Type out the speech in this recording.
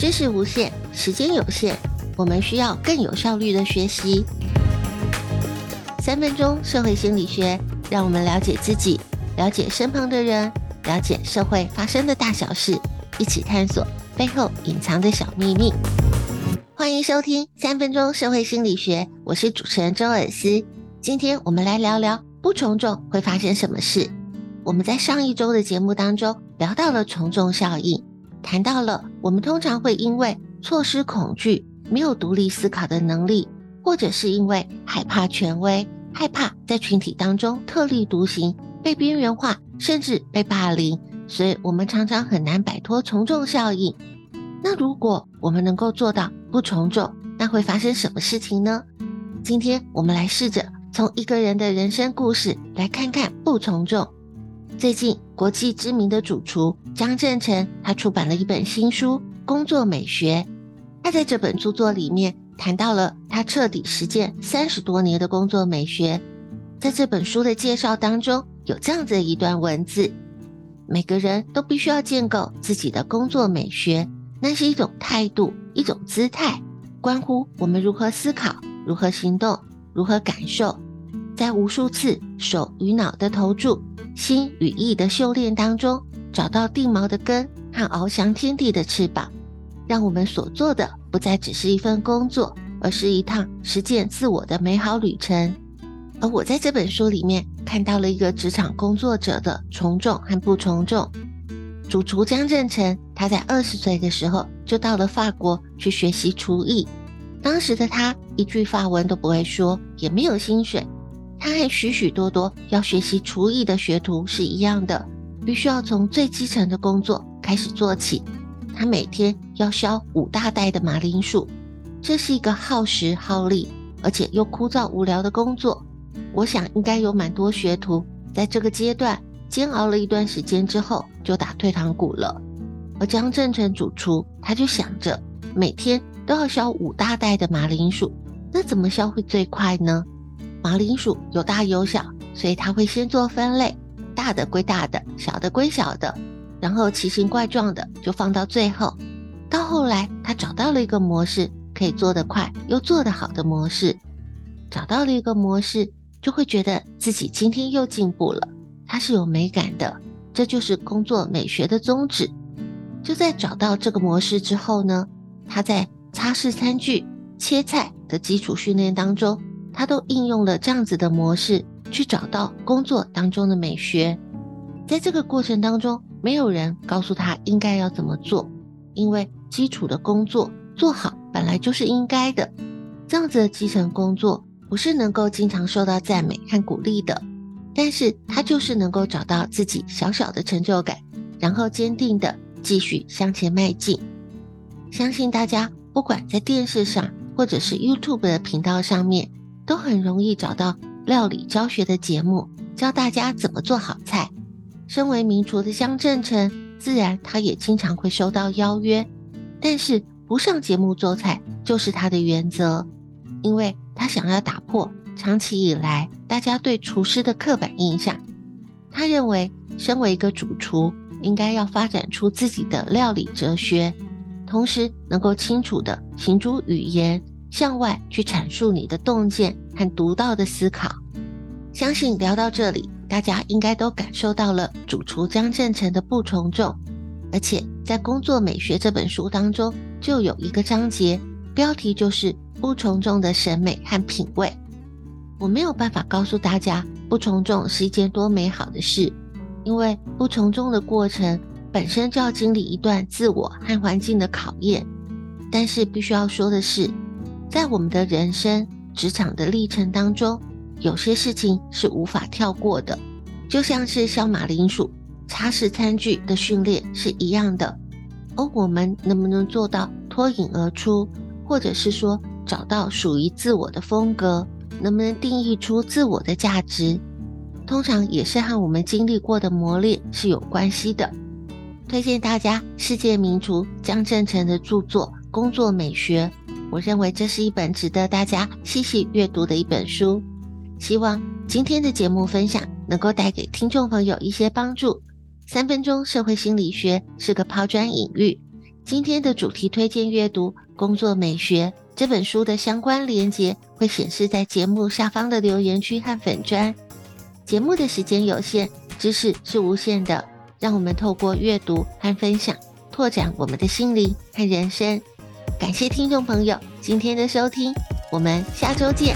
知識無限，時間有限，我們需要更有效率的學習。三分鐘社會心理學，讓我們了解自己，了解身旁的人，了解社會發生的大小事，一起探索背後隱藏的小秘密。歡迎收聽三分鐘社會心理學，我是主持人周爾思。今天我們來聊聊不從眾會發生什麼事。我們在上一周的節目當中聊到了從眾效應。談到了，我們通常會因為錯失恐懼、沒有獨立思考的能力，或者是因為害怕權威、害怕在群體當中特立獨行、被邊緣化，甚至被霸凌，所以我們常常很難擺脫從眾效應。那如果我們能夠做到不從眾，那會發生什麼事情呢？今天我們來試着從一個人的人生故事來看看不從眾。最近國際知名的主廚，張震成，他出版了一本新書《工作美學》。他在這本著作裡面談到了他徹底實踐三十多年的工作美學。在這本書的介紹當中，有這樣子的一段文字：每個人都必須要建構自己的工作美學，那是一種態度，一種姿態，關乎我們如何思考、如何行動、如何感受。在無數次手與腦的投注、心與意的修煉當中，找到定錨的根和翱翔天地的翅膀，讓我們所做的不再只是一份工作，而是一趟實踐自我的美好旅程。而我在這本書裡面看到了一個職場工作者的從眾和不從眾。主廚江振誠，他在二十歲的時候就到了法國去學習廚藝，當時的他一句法文都不會說，也沒有薪水，他和許許多多要學習廚藝的學徒是一樣的。必須要從最基層的工作開始做起。他每天要削五大袋的馬鈴薯，這是一個耗時耗力，而且又枯燥無聊的工作。我想應該有蠻多學徒在這個階段煎熬了一段時間之後就打退堂鼓了。而張正成主廚他就想着，每天都要削五大袋的馬鈴薯，那怎麼削會最快呢？馬鈴薯有大有小，所以他會先做分類。大的歸大的，小的歸小的，然後奇形怪狀的就放到最後。到後來，他找到了一個模式，可以做得快又做得好的模式。找到了一個模式，就會覺得自己今天又進步了。他是有美感的，這就是工作美學的宗旨。就在找到這個模式之後呢，他在擦拭餐具、切菜的基礎訓練當中，他都應用了這樣子的模式。去找到工作當中的美學，在這個過程當中，沒有人告訴他應該要怎麼做，因為基礎的工作做好本來就是應該的。這樣子的基層工作不是能夠經常受到讚美和鼓勵的，但是他就是能夠找到自己小小的成就感，然後堅定地繼續向前邁進。相信大家不管在電視上或者是 YouTube 的頻道上面，都很容易找到。料理教學的節目，教大家怎麼做好菜。身為名廚的江振誠，自然他也經常會收到邀約，但是不上節目做菜就是他的原則，因為他想要打破長期以來大家對廚師的刻板印象。他認為，身為一個主廚，應該要發展出自己的料理哲學，同時能夠清楚地行諸語言，向外去闡述你的洞見和獨到的思考，相信聊到這裡，大家應該都感受到了主廚江振誠的不從眾。而且在《工作美學》這本書當中，就有一個章節，標題就是“不從眾的審美和品味”。我沒有辦法告訴大家，不從眾是一件多美好的事，因為不從眾的過程本身就要經歷一段自我和環境的考驗。但是必須要說的是，在我們的人生，職場的歷程當中，有些事情是無法跳過的，就像是削馬鈴薯、擦拭餐具的訓練是一樣的。而我們能不能做到脫穎而出，或者是說找到屬於自我的風格，能不能定義出自我的價值，通常也是和我們經歷過的磨練是有關係的。推薦大家世界名廚江振誠的著作《工作美學》。我認為這是一本值得大家細細閱讀的一本書。希望今天的節目分享能夠帶給聽眾朋友一些幫助。三分鐘社會心理學是個拋磚引玉。今天的主題推薦閱讀《工作美學》這本書的相關鏈接會顯示在節目下方的留言區和粉專。節目的時間有限，知識是無限的。讓我們透過閱讀和分享，拓展我們的心靈和人生。感謝聽眾朋友今天的收聽，我們下周見。